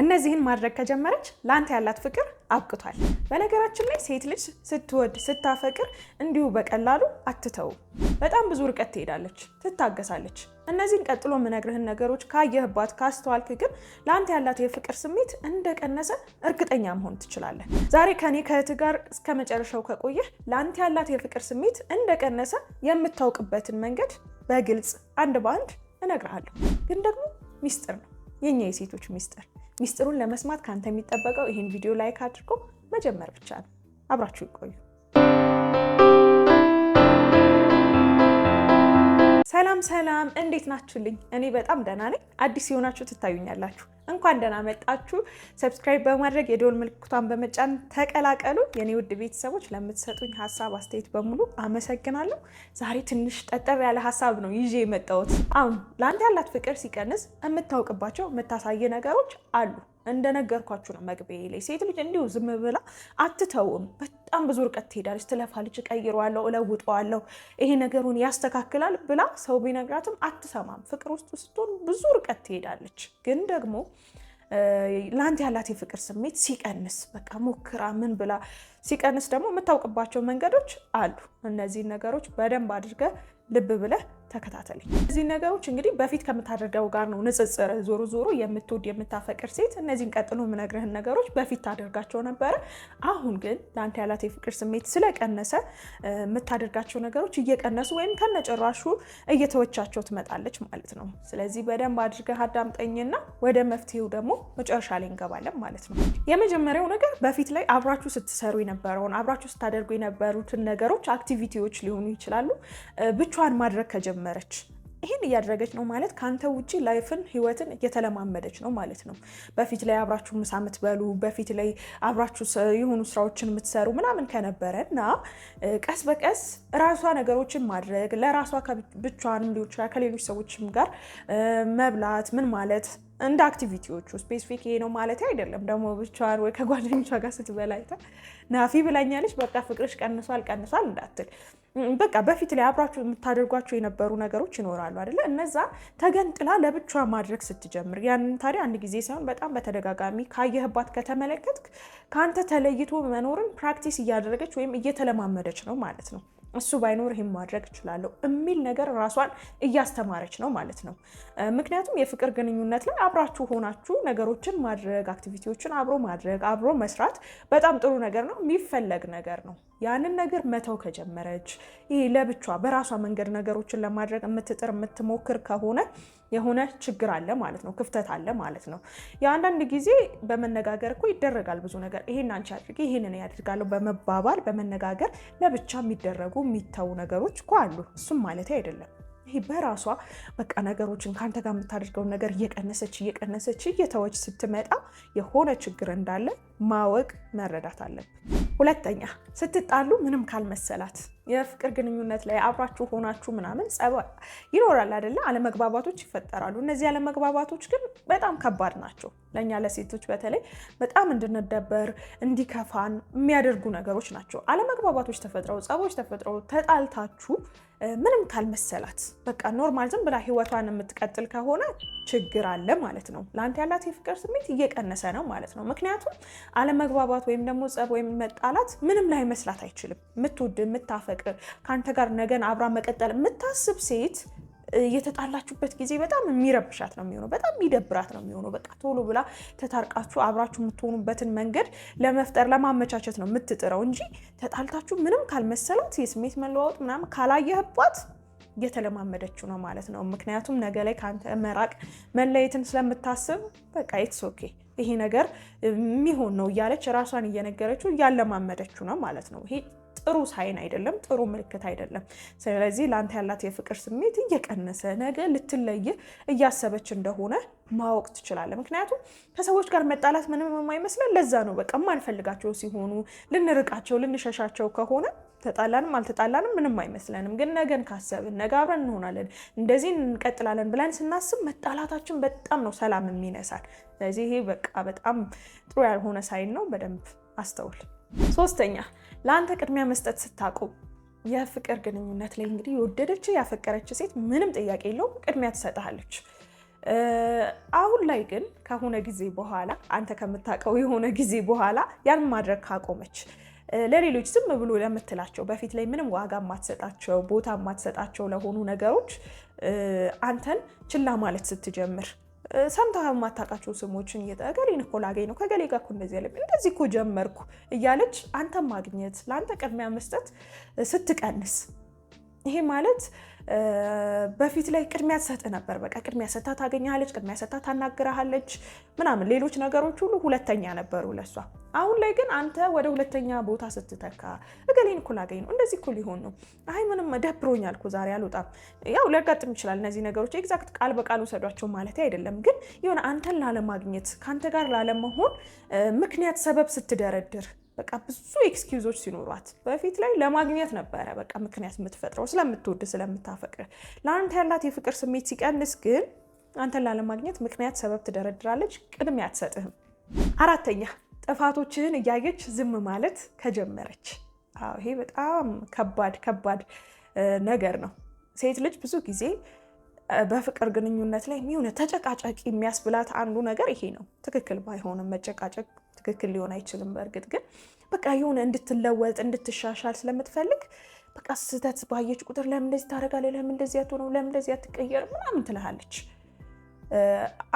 እነዚህን ማድረግ ከጀመረች ለአንተ ያላት ፍቅር አብቅቷል። በነገራችን ላይ ሴት ልጅ ስትወድ ስታፈቅር እንዲሁ በቀላሉ አትተው። በጣም ብዙ ርቀት ትሄዳለች፣ ትታገሳለች። እነዚህን ቀጥሎ የምነግርህን ነገሮች ካየህባት ካስተዋልክ ግን ለአንተ ያላት የፍቅር ስሜት እንደቀነሰ እርግጠኛ መሆን ትችላለህ። ዛሬ ከኔ ከእህትህ ጋር እስከ መጨረሻው ከቆየህ ለአንተ ያላት የፍቅር ስሜት እንደቀነሰ የምታውቅበትን መንገድ በግልጽ አንድ በአንድ እነግርሃለሁ። ግን ደግሞ ሚስጥር ነው፣ የኛ የሴቶች ሚስጥር ሚስጥሩን ለመስማት ካንተ የሚጠበቀው ይህን ቪዲዮ ላይክ አድርጎ መጀመር ብቻ ነው። አብራችሁ ይቆዩ። ሰላም ሰላም፣ እንዴት ናችሁልኝ? እኔ በጣም ደህና ነኝ። አዲስ የሆናችሁ ትታዩኛላችሁ እንኳን ደህና መጣችሁ። ሰብስክራይብ በማድረግ የደወል ምልክቷን በመጫን ተቀላቀሉ። የኔ ውድ ቤተሰቦች ለምትሰጡኝ ሀሳብ፣ አስተያየት በሙሉ አመሰግናለሁ። ዛሬ ትንሽ ጠጠር ያለ ሀሳብ ነው ይዤ የመጣሁት። አሁን ለአንተ ያላት ፍቅር ሲቀንስ የምታውቅባቸው የምታሳይ ነገሮች አሉ። እንደነገርኳችሁ ነው መግቢያ ላይ ሴት ልጅ እንዲሁ ዝም ብላ አትተውም። በጣም ብዙ እርቀት ትሄዳለች፣ ትለፋለች። እቀይረዋለሁ፣ እለውጠዋለሁ፣ ይሄ ነገሩን ያስተካክላል ብላ ሰው ቢነግራትም አትሰማም። ፍቅር ውስጥ ስትሆን ብዙ እርቀት ትሄዳለች። ግን ደግሞ ለአንተ ያላት የፍቅር ስሜት ሲቀንስ በቃ ሞክራ ምን ብላ ሲቀንስ ደግሞ የምታውቅባቸው መንገዶች አሉ። እነዚህን ነገሮች በደንብ አድርገህ ልብ ብለህ ተከታተልኝ። እነዚህ ነገሮች እንግዲህ በፊት ከምታደርገው ጋር ነው ንጽጽር። ዞሮ ዞሮ የምትወድ የምታፈቅር ሴት እነዚህን ቀጥሎ የምነግርህን ነገሮች በፊት ታደርጋቸው ነበረ። አሁን ግን ለአንተ ያላት የፍቅር ስሜት ስለቀነሰ የምታደርጋቸው ነገሮች እየቀነሱ ወይም ከነጭራሹ እየተወቻቸው ትመጣለች ማለት ነው። ስለዚህ በደንብ አድርገህ አዳምጠኝና ወደ መፍትሄው ደግሞ መጨረሻ ላይ እንገባለን ማለት ነው። የመጀመሪያው ነገር በፊት ላይ አብራችሁ ስትሰሩ የነበረውን አብራችሁ ስታደርጉ የነበሩትን ነገሮች አክቲቪቲዎች ሊሆኑ ይችላሉ ብቻዋን ማድረግ ከጀ ጀመረች። ይህን እያደረገች ነው ማለት ከአንተ ውጭ ላይፍን ህይወትን እየተለማመደች ነው ማለት ነው። በፊት ላይ አብራችሁ ምሳ የምትበሉ በፊት ላይ አብራችሁ የሆኑ ስራዎችን የምትሰሩ ምናምን ከነበረ እና ቀስ በቀስ ራሷ ነገሮችን ማድረግ ለራሷ ብቻዋንም ሊሆን ይችላል ከሌሎች ሰዎችም ጋር መብላት ምን ማለት እንደ አክቲቪቲዎቹ ስፔሲፊክ ይሄ ነው ማለት አይደለም። ደግሞ ብቻዋን ወይ ከጓደኞቿ ጋር ስትበላይታ ናፊ ብላኛለች፣ በቃ ፍቅርሽ ቀንሷል ቀንሷል እንዳትል። በቃ በፊት ላይ አብራችሁ የምታደርጓቸው የነበሩ ነገሮች ይኖራሉ አይደለ? እነዛ ተገንጥላ ለብቻ ማድረግ ስትጀምር፣ ያንን ታዲያ አንድ ጊዜ ሳይሆን በጣም በተደጋጋሚ ካየህባት ከተመለከትክ ከአንተ ተለይቶ መኖርን ፕራክቲስ እያደረገች ወይም እየተለማመደች ነው ማለት ነው። እሱ ባይኖር ይህም ማድረግ እችላለሁ የሚል ነገር ራሷን እያስተማረች ነው ማለት ነው። ምክንያቱም የፍቅር ግንኙነት ላይ አብራችሁ ሆናችሁ ነገሮችን ማድረግ አክቲቪቲዎችን አብሮ ማድረግ አብሮ መስራት በጣም ጥሩ ነገር ነው፣ የሚፈለግ ነገር ነው። ያንን ነገር መተው ከጀመረች ይሄ ለብቿ በራሷ መንገድ ነገሮችን ለማድረግ የምትጥር የምትሞክር ከሆነ የሆነ ችግር አለ ማለት ነው፣ ክፍተት አለ ማለት ነው። የአንዳንድ ጊዜ በመነጋገር እኮ ይደረጋል ብዙ ነገር። ይሄን አንቺ አድርጊ፣ ይሄንን ያድርጋለሁ በመባባል በመነጋገር ለብቻ የሚደረጉ የሚተዉ ነገሮች እኮ አሉ። እሱም ማለት አይደለም ይህ በራሷ በቃ ነገሮችን ከአንተ ጋር የምታደርገውን ነገር እየቀነሰች እየቀነሰች እየተወች ስትመጣ የሆነ ችግር እንዳለ ማወቅ መረዳት አለብን። ሁለተኛ ስትጣሉ ምንም ካልመሰላት የፍቅር ግንኙነት ላይ አብራችሁ ሆናችሁ ምናምን ጸባይ ይኖራል አይደለ? አለመግባባቶች ይፈጠራሉ። እነዚህ አለመግባባቶች ግን በጣም ከባድ ናቸው። ለእኛ ለሴቶች በተለይ በጣም እንድንደበር እንዲከፋን የሚያደርጉ ነገሮች ናቸው። አለመግባባቶች ተፈጥረው ጸቦች ተፈጥረው ተጣልታችሁ ምንም ካልመሰላት በቃ ኖርማል ዝም ብላ ህይወቷን የምትቀጥል ከሆነ ችግር አለ ማለት ነው። ለአንተ ያላት የፍቅር ስሜት እየቀነሰ ነው ማለት ነው። ምክንያቱም አለመግባባት ወይም ደግሞ ጸብ ወይም መጣላት ምንም ላይ መስላት አይችልም። የምትወድ የምታፈ መታረቅ ከአንተ ጋር ነገን አብራ መቀጠል የምታስብ ሴት የተጣላችሁበት ጊዜ በጣም የሚረብሻት ነው የሚሆነው። በጣም የሚደብራት ነው የሚሆነው። በቃ ቶሎ ብላ ተታርቃችሁ አብራችሁ የምትሆኑበትን መንገድ ለመፍጠር ለማመቻቸት ነው የምትጥረው እንጂ ተጣልታችሁ ምንም ካልመሰላት የስሜት መለዋወጥ ምናምን ካላየህባት እየተለማመደችው ነው ማለት ነው። ምክንያቱም ነገ ላይ ከአንተ መራቅ መለየትን ስለምታስብ በቃ ኢትስ ኦኬ ይሄ ነገር የሚሆን ነው እያለች ራሷን እየነገረችው እያለማመደችው ነው ማለት ነው ይሄ ጥሩ ሳይን አይደለም፣ ጥሩ ምልክት አይደለም። ስለዚህ ለአንተ ያላት የፍቅር ስሜት እየቀነሰ ነገ ልትለይ እያሰበች እንደሆነ ማወቅ ትችላለህ። ምክንያቱም ከሰዎች ጋር መጣላት ምንም የማይመስለን ለዛ ነው። በቃ ማንፈልጋቸው ሲሆኑ ልንርቃቸው፣ ልንሸሻቸው ከሆነ ተጣላንም አልተጣላንም ምንም አይመስለንም። ግን ነገን ካሰብን ነገ አብረን እንሆናለን፣ እንደዚህ እንቀጥላለን ብለን ስናስብ መጣላታችን በጣም ነው ሰላም የሚነሳል። ስለዚህ ይሄ በቃ በጣም ጥሩ ያልሆነ ሳይን ነው። በደንብ አስተውል። ሶስተኛ ለአንተ ቅድሚያ መስጠት ስታቆም። የፍቅር ግንኙነት ላይ እንግዲህ የወደደች ያፈቀረች ሴት ምንም ጥያቄ የለውም ቅድሚያ ትሰጥሃለች። አሁን ላይ ግን ከሆነ ጊዜ በኋላ አንተ ከምታውቀው የሆነ ጊዜ በኋላ ያን ማድረግ ካቆመች ለሌሎች ዝም ብሎ ለምትላቸው በፊት ላይ ምንም ዋጋ ማትሰጣቸው ቦታ ማትሰጣቸው ለሆኑ ነገሮች አንተን ችላ ማለት ስትጀምር ሰምተህ የማታውቃቸው ስሞችን እገሌ እኮ ላገኝ ነው ከገሌ ጋር እኮ እንደዚህ ያለብኝ እንደዚህ እኮ ጀመርኩ እያለች አንተን ማግኘት ለአንተ ቅድሚያ መስጠት ስትቀንስ ይሄ ማለት በፊት ላይ ቅድሚያ ትሰጥ ነበር። በቃ ቅድሚያ ሰታ ታገኛለች፣ ቅድሚያ ሰታ ታናግረሃለች ምናምን። ሌሎች ነገሮች ሁሉ ሁለተኛ ነበሩ ለሷ። አሁን ላይ ግን አንተ ወደ ሁለተኛ ቦታ ስትተካ እገሌን እኮ ላገኝ ነው፣ እንደዚህ እኮ ሊሆን ነው፣ አይ ምንም ደብሮኛል እኮ ዛሬ አልወጣም። ያው ሊያጋጥም ይችላል እነዚህ ነገሮች ኤግዛክት ቃል በቃል ውሰዷቸው ማለት አይደለም፣ ግን የሆነ አንተን ላለማግኘት ከአንተ ጋር ላለመሆን ምክንያት ሰበብ ስትደረድር በቃ ብዙ ኤክስኪውዞች ሲኖሯት በፊት ላይ ለማግኘት ነበረ በቃ ምክንያት የምትፈጥረው ስለምትወድ ስለምታፈቅር። ለአንተ ያላት የፍቅር ስሜት ሲቀንስ ግን አንተን ላለማግኘት ምክንያት ሰበብ ትደረድራለች፣ ቅድሚያ አትሰጥህም። አራተኛ ጥፋቶችህን እያየች ዝም ማለት ከጀመረች። አዎ ይሄ በጣም ከባድ ከባድ ነገር ነው። ሴት ልጅ ብዙ ጊዜ በፍቅር ግንኙነት ላይ የሚሆነ ተጨቃጫቂ የሚያስብላት አንዱ ነገር ይሄ ነው። ትክክል ባይሆንም መጨቃጨቅ ትክክል ሊሆን አይችልም። በእርግጥ ግን በቃ የሆነ እንድትለወጥ እንድትሻሻል ስለምትፈልግ በቃ ስህተት ባየች ቁጥር ለምን እንደዚህ ታደርጋለህ? ለምን እንደዚህ አትሆነው? ለምን እንደዚህ ምናምን ትልሃለች።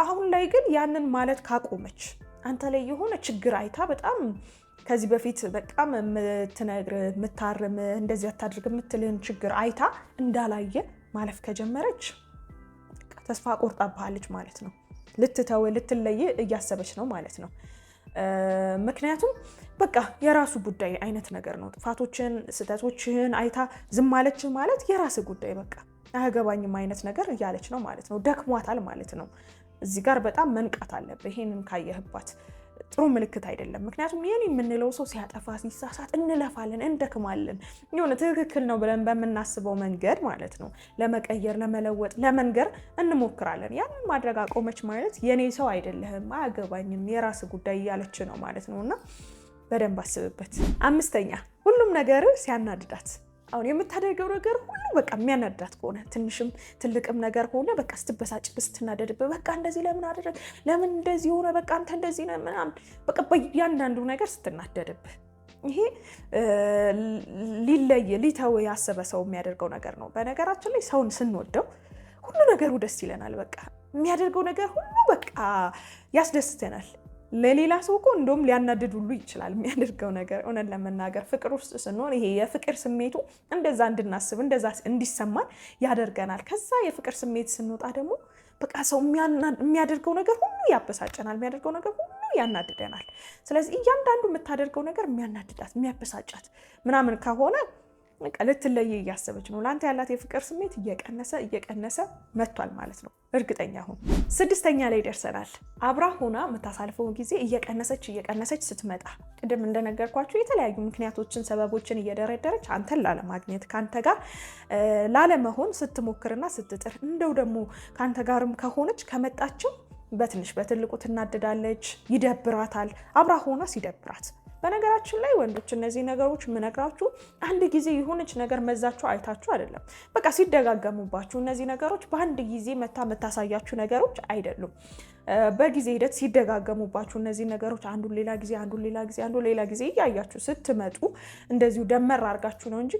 አሁን ላይ ግን ያንን ማለት ካቆመች አንተ ላይ የሆነ ችግር አይታ በጣም ከዚህ በፊት በጣም የምትነግር የምታርም እንደዚህ አታድርግ የምትልህን ችግር አይታ እንዳላየ ማለፍ ከጀመረች ተስፋ ቆርጣብሃለች ማለት ነው። ልትተው ልትለይ እያሰበች ነው ማለት ነው። ምክንያቱም በቃ የራሱ ጉዳይ አይነት ነገር ነው። ጥፋቶችን፣ ስህተቶችህን አይታ ዝም አለች ማለት የራስ ጉዳይ በቃ አያገባኝም አይነት ነገር እያለች ነው ማለት ነው። ደክሟታል ማለት ነው። እዚህ ጋር በጣም መንቃት አለብህ ይሄንን ካየህባት ጥሩ ምልክት አይደለም። ምክንያቱም ይህን የምንለው ሰው ሲያጠፋ ሲሳሳት እንለፋለን፣ እንደክማለን የሆነ ትክክል ነው ብለን በምናስበው መንገድ ማለት ነው ለመቀየር ለመለወጥ ለመንገር እንሞክራለን። ያንን ማድረግ አቆመች ማለት የኔ ሰው አይደለህም፣ አያገባኝም፣ የራስ ጉዳይ እያለች ነው ማለት ነው። እና በደንብ አስብበት። አምስተኛ ሁሉም ነገር ሲያናድዳት አሁን የምታደርገው ነገር ሁሉ በቃ የሚያናዳት ከሆነ ትንሽም ትልቅም ነገር ከሆነ በቃ ስትበሳጭ ስትናደድብ በቃ እንደዚህ ለምን አደረግ ለምን እንደዚህ ሆነ በቃ አንተ እንደዚህ ነው ምናምን በቃ በእያንዳንዱ ነገር ስትናደድብ ይሄ ሊለይ ሊተው ያሰበ ሰው የሚያደርገው ነገር ነው። በነገራችን ላይ ሰውን ስንወደው ሁሉ ነገሩ ደስ ይለናል። በቃ የሚያደርገው ነገር ሁሉ በቃ ያስደስተናል። ለሌላ ሰው እኮ እንደውም ሊያናድድ ሁሉ ይችላል የሚያደርገው ነገር። እውነት ለመናገር ፍቅር ውስጥ ስንሆን ይሄ የፍቅር ስሜቱ እንደዛ እንድናስብ እንደዛ እንዲሰማን ያደርገናል። ከዛ የፍቅር ስሜት ስንወጣ ደግሞ በቃ ሰው የሚያደርገው ነገር ሁሉ ያበሳጨናል፣ የሚያደርገው ነገር ሁሉ ያናድደናል። ስለዚህ እያንዳንዱ የምታደርገው ነገር የሚያናድዳት የሚያበሳጫት ምናምን ከሆነ ልትለየ እያሰበች ነው። ለአንተ ያላት የፍቅር ስሜት እየቀነሰ እየቀነሰ መጥቷል ማለት ነው። እርግጠኛ ሁን። ስድስተኛ ላይ ደርሰናል። አብራ ሆና የምታሳልፈውን ጊዜ እየቀነሰች እየቀነሰች ስትመጣ ቅድም እንደነገርኳችሁ የተለያዩ ምክንያቶችን፣ ሰበቦችን እየደረደረች አንተን ላለማግኘት ከአንተ ጋር ላለመሆን ስትሞክርና ስትጥር እንደው ደግሞ ከአንተ ጋርም ከሆነች ከመጣችው በትንሽ በትልቁ ትናደዳለች፣ ይደብራታል። አብራ ሆና ይደብራት በነገራችን ላይ ወንዶች እነዚህ ነገሮች ምነግራችሁ አንድ ጊዜ የሆነች ነገር መዛችሁ አይታችሁ አይደለም። በቃ ሲደጋገሙባችሁ እነዚህ ነገሮች በአንድ ጊዜ መታ መታሳያችሁ ነገሮች አይደሉም። በጊዜ ሂደት ሲደጋገሙባችሁ እነዚህ ነገሮች አንዱ ሌላ ጊዜ አንዱ ሌላ ጊዜ አንዱ ሌላ ጊዜ እያያችሁ ስትመጡ እንደዚሁ ደመር አድርጋችሁ ነው እንጂ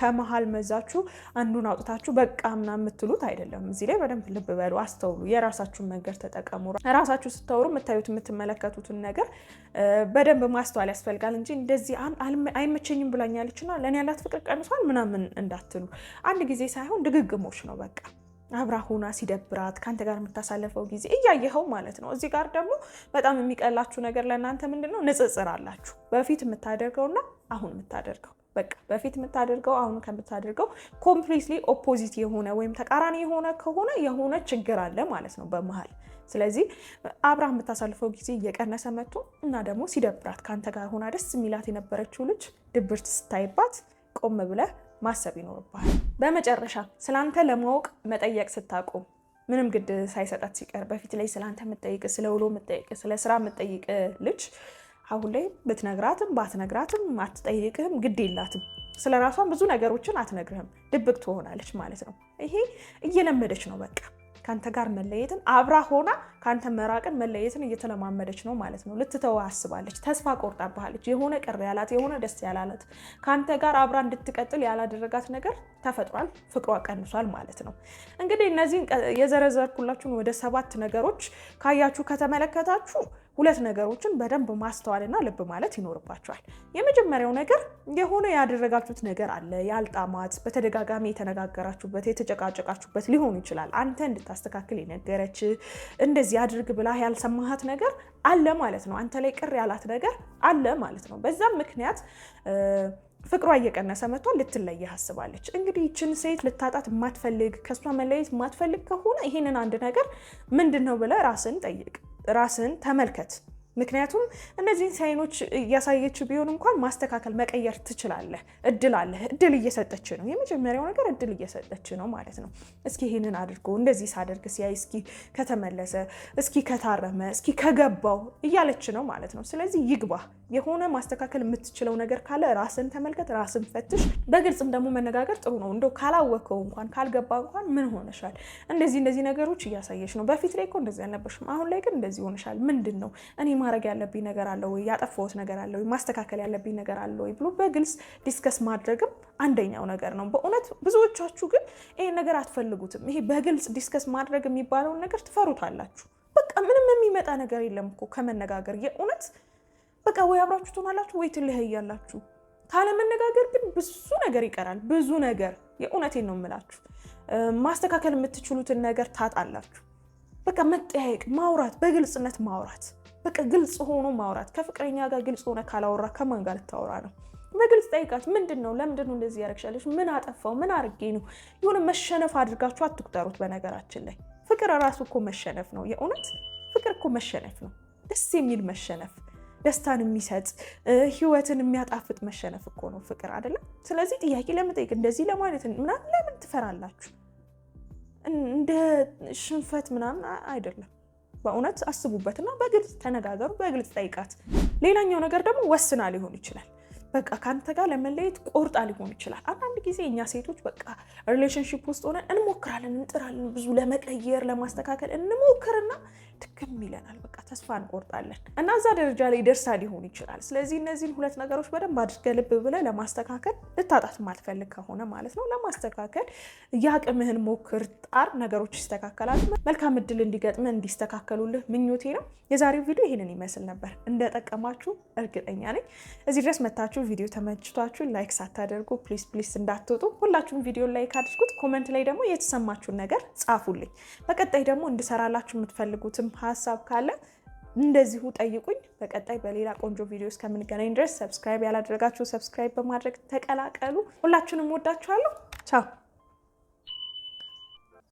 ከመሀል መዛችሁ አንዱን አውጥታችሁ በቃ ምናምን የምትሉት አይደለም። እዚህ ላይ በደንብ ልብ በሉ፣ አስተውሉ፣ የራሳችሁን መንገድ ተጠቀሙ። ራሳችሁ ስታወሩ የምታዩት የምትመለከቱትን ነገር በደንብ ማስተዋል ያስፈልጋል እንጂ እንደዚህ አይመቸኝም ብላኛለችና ለእኔ ያላት ፍቅር ቀንሷል ምናምን እንዳትሉ። አንድ ጊዜ ሳይሆን ድግግሞች ነው በቃ አብራ ሆና ሲደብራት ከአንተ ጋር የምታሳለፈው ጊዜ እያየኸው ማለት ነው። እዚህ ጋር ደግሞ በጣም የሚቀላችሁ ነገር ለእናንተ ምንድን ነው? ንጽጽር አላችሁ። በፊት የምታደርገውና አሁን የምታደርገው በቃ በፊት የምታደርገው አሁን ከምታደርገው ኮምፕሊትሊ ኦፖዚት የሆነ ወይም ተቃራኒ የሆነ ከሆነ የሆነ ችግር አለ ማለት ነው በመሀል። ስለዚህ አብራ የምታሳልፈው ጊዜ እየቀነሰ መጥቶ እና ደግሞ ሲደብራት ከአንተ ጋር ሆና ደስ የሚላት የነበረችው ልጅ ድብርት ስታይባት ቆም ብለህ ማሰብ ይኖርብሃል። በመጨረሻ ስላንተ ለማወቅ መጠየቅ ስታቆም ምንም ግድ ሳይሰጣት ሲቀር በፊት ላይ ስላንተ የምጠይቅ ስለ ውሎ የምጠይቅ ስለ ስራ የምጠይቅ ልጅ አሁን ላይ ብትነግራትም ባትነግራትም አትጠይቅህም፣ ግድ የላትም። ስለ ራሷን ብዙ ነገሮችን አትነግርህም፣ ድብቅ ትሆናለች ማለት ነው። ይሄ እየለመደች ነው በቃ ከአንተ ጋር መለየትን አብራ ሆና ከአንተ መራቅን መለየትን እየተለማመደች ነው ማለት ነው። ልትተው አስባለች። ተስፋ ቆርጣብሃለች። የሆነ ቅር ያላት የሆነ ደስ ያላላት ከአንተ ጋር አብራ እንድትቀጥል ያላደረጋት ነገር ተፈጥሯል። ፍቅሯ ቀንሷል ማለት ነው። እንግዲህ እነዚህን የዘረዘርኩላችሁን ወደ ሰባት ነገሮች ካያችሁ ከተመለከታችሁ ሁለት ነገሮችን በደንብ ማስተዋልና ልብ ማለት ይኖርባቸዋል። የመጀመሪያው ነገር የሆነ ያደረጋችሁት ነገር አለ ያልጣማት፣ በተደጋጋሚ የተነጋገራችሁበት የተጨቃጨቃችሁበት ሊሆን ይችላል። አንተ እንድታስተካክል የነገረች እንደዚህ አድርግ ብላ ያልሰማሃት ነገር አለ ማለት ነው። አንተ ላይ ቅር ያላት ነገር አለ ማለት ነው። በዛም ምክንያት ፍቅሯ እየቀነሰ መጥቷል። ልትለየ አስባለች። እንግዲህ ይችን ሴት ልታጣት የማትፈልግ ከእሷ መለየት የማትፈልግ ከሆነ ይህንን አንድ ነገር ምንድን ነው ብለህ ራስን ጠይቅ። ራስን ተመልከት። ምክንያቱም እነዚህን ሳይኖች እያሳየች ቢሆን እንኳን ማስተካከል መቀየር ትችላለህ። እድል አለህ። እድል እየሰጠች ነው። የመጀመሪያው ነገር እድል እየሰጠች ነው ማለት ነው። እስኪ ይህንን አድርጎ እንደዚህ ሳደርግ ሲያይ፣ እስኪ ከተመለሰ፣ እስኪ ከታረመ፣ እስኪ ከገባው እያለች ነው ማለት ነው። ስለዚህ ይግባ የሆነ ማስተካከል የምትችለው ነገር ካለ ራስን ተመልከት፣ ራስን ፈትሽ። በግልጽም ደግሞ መነጋገር ጥሩ ነው። እንደው ካላወቀው እንኳን ካልገባ እንኳን ምን ሆነሻል? እንደዚህ እንደዚህ ነገሮች እያሳየች ነው። በፊት ላይ እኮ እንደዚህ አልነበርሽም፣ አሁን ላይ ግን እንደዚህ ሆነሻል። ምንድን ነው እኔ ማድረግ ያለብኝ ነገር አለ ወይ? ያጠፋሁት ነገር አለ ወይ? ማስተካከል ያለብኝ ነገር አለ ወይ? ብሎ በግልጽ ዲስከስ ማድረግም አንደኛው ነገር ነው። በእውነት ብዙዎቻችሁ ግን ይሄን ነገር አትፈልጉትም። ይሄ በግልጽ ዲስከስ ማድረግ የሚባለውን ነገር ትፈሩታላችሁ። በቃ ምንም የሚመጣ ነገር የለም እኮ ከመነጋገር የእውነት በቃ ወይ አብራችሁ ትሆናላችሁ ወይ ትለያያላችሁ። ካለመነጋገር ግን ብዙ ነገር ይቀራል። ብዙ ነገር የእውነቴን ነው የምላችሁ። ማስተካከል የምትችሉትን ነገር ታጣላችሁ። በቃ መጠያየቅ፣ ማውራት፣ በግልጽነት ማውራት፣ በቃ ግልጽ ሆኖ ማውራት። ከፍቅረኛ ጋር ግልጽ ሆነ ካላወራ ከማን ጋር ልታወራ ነው? በግልጽ ጠይቃችሁ፣ ምንድን ነው ለምንድን ነው እንደዚህ ያደረግሻለች? ምን አጠፋው? ምን አድርጌ ነው? የሆነ መሸነፍ አድርጋችሁ አትቁጠሩት። በነገራችን ላይ ፍቅር ራሱ እኮ መሸነፍ ነው። የእውነት ፍቅር እኮ መሸነፍ ነው። ደስ የሚል መሸነፍ ደስታን የሚሰጥ ህይወትን የሚያጣፍጥ መሸነፍ እኮ ነው ፍቅር አይደለም። ስለዚህ ጥያቄ ለመጠየቅ እንደዚህ ለማለት ምናምን ለምን ትፈራላችሁ? እንደ ሽንፈት ምናምን አይደለም። በእውነት አስቡበትና በግልጽ ተነጋገሩ፣ በግልጽ ጠይቃት። ሌላኛው ነገር ደግሞ ወስና ሊሆን ይችላል። በቃ ከአንተ ጋር ለመለየት ቆርጣ ሊሆን ይችላል። ጊዜ እኛ ሴቶች በቃ ሪሌሽንሽፕ ውስጥ ሆነን እንሞክራለን፣ እንጥራለን፣ ብዙ ለመቀየር ለማስተካከል እንሞክርና ትክም ይለናል። በቃ ተስፋ እንቆርጣለን እና እዛ ደረጃ ላይ ደርሳ ሊሆን ይችላል። ስለዚህ እነዚህን ሁለት ነገሮች በደንብ አድርገ ልብ ብለ ለማስተካከል ልታጣት ማትፈልግ ከሆነ ማለት ነው ለማስተካከል የአቅምህን ሞክር፣ ጣር፣ ነገሮች ይስተካከላል። መልካም እድል እንዲገጥም እንዲስተካከሉልህ ምኞቴ ነው። የዛሬው ቪዲዮ ይህንን ይመስል ነበር። እንደጠቀማችሁ እርግጠኛ ነኝ። እዚህ ድረስ መታችሁ ቪዲዮ ተመችቷችሁ ላይክ ሳታደርጉ ፕሊስ ፕሊስ እንዳትወጡ ሁላችሁም ቪዲዮ ላይ ካድርጉት። ኮመንት ላይ ደግሞ የተሰማችሁን ነገር ጻፉልኝ። በቀጣይ ደግሞ እንድሰራላችሁ የምትፈልጉትም ሀሳብ ካለ እንደዚሁ ጠይቁኝ። በቀጣይ በሌላ ቆንጆ ቪዲዮ እስከምንገናኝ ድረስ ሰብስክራይብ ያላደረጋችሁ ሰብስክራይብ በማድረግ ተቀላቀሉ። ሁላችሁንም ወዳችኋለሁ። ቻው